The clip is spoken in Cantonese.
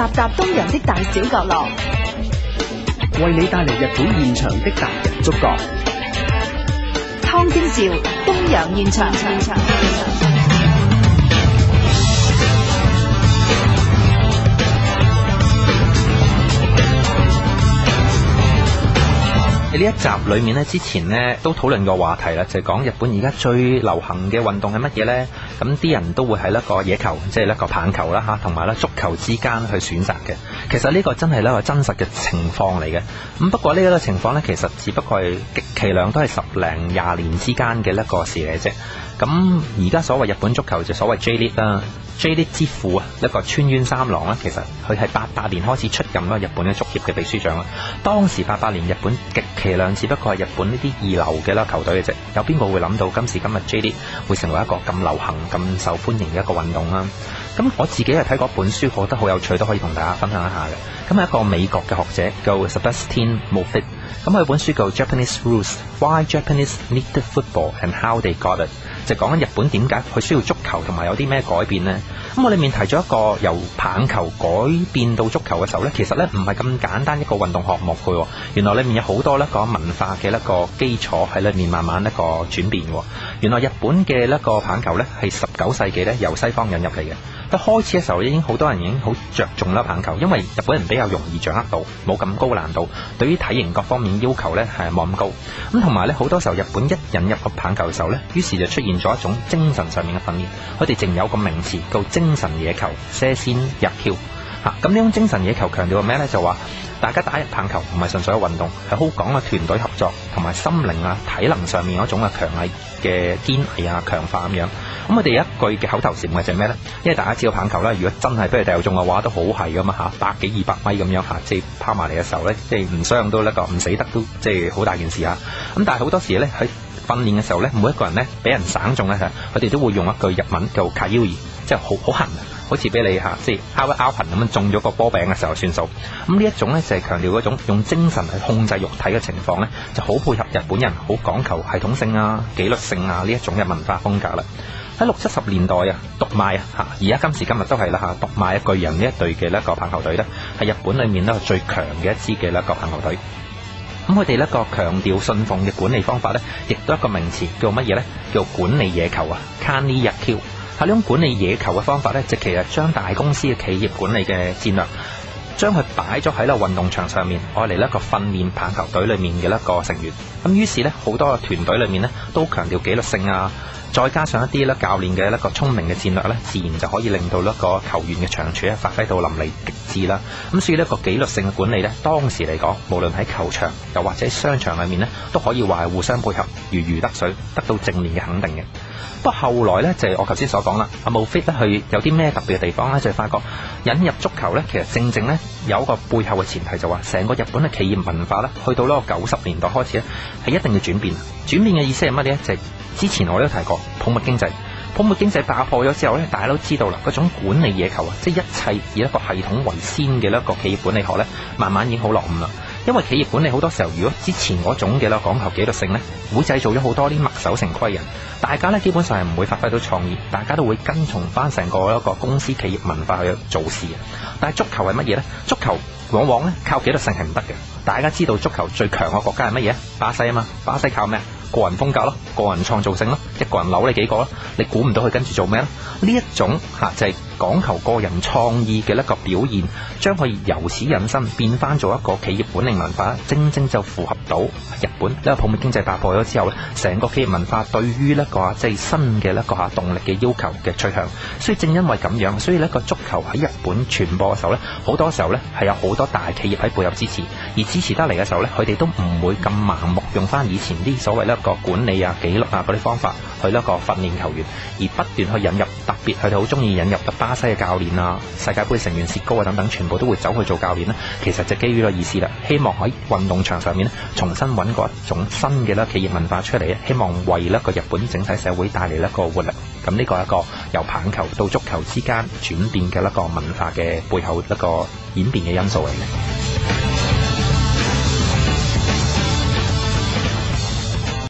集集東洋的大小角落，為你帶嚟日本現場的達人足腳。湯禎兆，東洋現場。喺呢一集裡面咧，之前咧都討論過話題啦，就係講日本而家最流行嘅運動係乜嘢咧？咁啲人都會喺一個野球，即係一個棒球啦嚇，同埋咧足球之間去選擇嘅。其實呢個真係一個真實嘅情況嚟嘅。咁不過呢個情況呢，其實只不過係極其量都係十零廿年之間嘅一個事嚟啫。咁而家所謂日本足球就所謂 J D 啦，J D 之父啊，一個川淵三郎啦。其實佢係八八年開始出任咧日本嘅足協嘅秘書長啦。當時八八年日本極其量只不過係日本呢啲二流嘅啦球隊嘅啫。有邊個會諗到今時今日 J D 會成為一個咁流行？咁受歡迎嘅一個運動啦，咁我自己係睇過一本書，覺得好有趣，都可以同大家分享一下嘅。咁係一個美國嘅學者叫 Sebastian Moffitt，咁佢本書叫 Japanese Rules，Why Japanese Need Football and How They Got It，就講緊日本點解佢需要足球同埋有啲咩改變呢？咁我裏面提咗一個由棒球改變到足球嘅時候呢，其實呢唔係咁簡單一個運動項目嘅，原來裏面有好多呢個文化嘅一個基礎喺裏面慢慢一個轉變。原來日本嘅一個棒球呢，係十九世紀呢由西方引入嚟嘅。一開始嘅時候已經好多人已經好着重粒棒球，因為日本人比較容易掌握到，冇咁高難度，對於體型各方面要求咧係冇咁高。咁同埋咧，好多時候日本一引入個棒球嘅時候咧，於是就出現咗一種精神上面嘅訓練。佢哋淨有個名詞叫精神野球，射仙入竅嚇。咁、啊、呢種精神野球強調咩咧？就話。大家打入棒球唔係純粹嘅運動，係好講嘅團隊合作同埋心靈啊、體能上面嗰種嘅強毅嘅堅毅啊、強化咁樣。咁我哋有一句嘅口頭禪就係咩咧？因為大家知道棒球咧，如果真係俾佢掉中嘅話都好係噶嘛吓、啊，百幾二百米咁樣吓、啊，即係拋埋嚟嘅時候咧，即係唔傷到一個唔死得都即係好大件事啊。咁但係好多時咧喺訓練嘅時候咧，每一個人咧俾人省中咧吓，佢哋都會用一句日文叫卡腰二，即係好好痕」。好似俾你嚇，即係 out open 咁樣中咗個波餅嘅時候算數。咁呢一種咧就係強調嗰種用精神去控制肉體嘅情況咧，就好配合日本人好講求系統性啊、紀律性啊呢一種嘅文化風格啦。喺六七十年代啊，讀賣啊嚇，而家今時今日都係啦嚇，讀賣巨人呢一隊嘅咧個棒球隊咧，係日本裡面咧最強嘅一支嘅咧個棒球隊。咁佢哋呢個強調信奉嘅管理方法咧，亦都一個名詞叫乜嘢咧？叫管理野球啊 Kanri Yakyu。喺呢種管理野球嘅方法咧，即其實將大公司嘅企業管理嘅戰略，將佢擺咗喺啦運動場上面，愛嚟咧個訓練棒球隊裏面嘅一個成員。咁於是咧，好多團隊裏面咧都強調紀律性啊，再加上一啲咧教練嘅一個聰明嘅戰略咧，自然就可以令到咧個球員嘅長處咧發揮到淋漓極致啦。咁所以呢個紀律性嘅管理咧，當時嚟講，無論喺球場又或者商場裏面咧，都可以話係互相配合，如魚得水，得到正面嘅肯定嘅。不過後來咧就係、是、我頭先所講啦，阿茂非得去有啲咩特別嘅地方咧，就是、發覺引入足球咧，其實正正咧有一個背後嘅前提就話，成個日本嘅企業文化咧，去到呢個九十年代開始咧，係一定要轉變。轉變嘅意思係乜嘢咧？就係、是、之前我都提過泡沫經濟，泡沫經濟爆破咗之後咧，大家都知道啦，嗰種管理野球啊，即、就、係、是、一切以一個系統為先嘅一個企業管理學咧，慢慢已經好落伍啦。因為企業管理好多時候，如果之前嗰種嘅，咧講求紀律性呢，會製造咗好多啲墨守成規人，大家呢，基本上係唔會發揮到創意，大家都會跟從翻成個一個公司企業文化去做事啊。但係足球係乜嘢呢？足球往往呢，靠紀律性係唔得嘅。大家知道足球最強嘅國家係乜嘢啊？巴西啊嘛，巴西靠咩？個人風格咯，個人創造性咯，一個人扭你幾個咯，你估唔到佢跟住做咩？呢一種嚇、啊、就係、是、講求個人創意嘅一個表現，將佢由此引申變翻做一個企業本領文化，正正就符合到日本呢個泡沫經濟打破咗之後咧，成個企業文化對於呢個即係新嘅一個嚇動力嘅要求嘅趨向。所以正因為咁樣，所以呢個足球喺日本傳播嘅時候呢，好多時候呢係有好多大企業喺背後支持，而支持得嚟嘅時候呢，佢哋都唔會咁盲目用翻以前啲所謂咧。個管理啊、紀錄啊嗰啲方法，去一個訓練球員，而不斷去引入，特別佢哋好中意引入巴西嘅教練啊、世界杯成員薛高啊等等，全部都會走去做教練咧。其實就基於呢個意思啦，希望喺運動場上面咧，重新搵過一種新嘅咧企業文化出嚟，希望為一個日本整體社會帶嚟一個活力。咁呢個係一個由棒球到足球之間轉變嘅一個文化嘅背後一個演變嘅因素嚟嘅。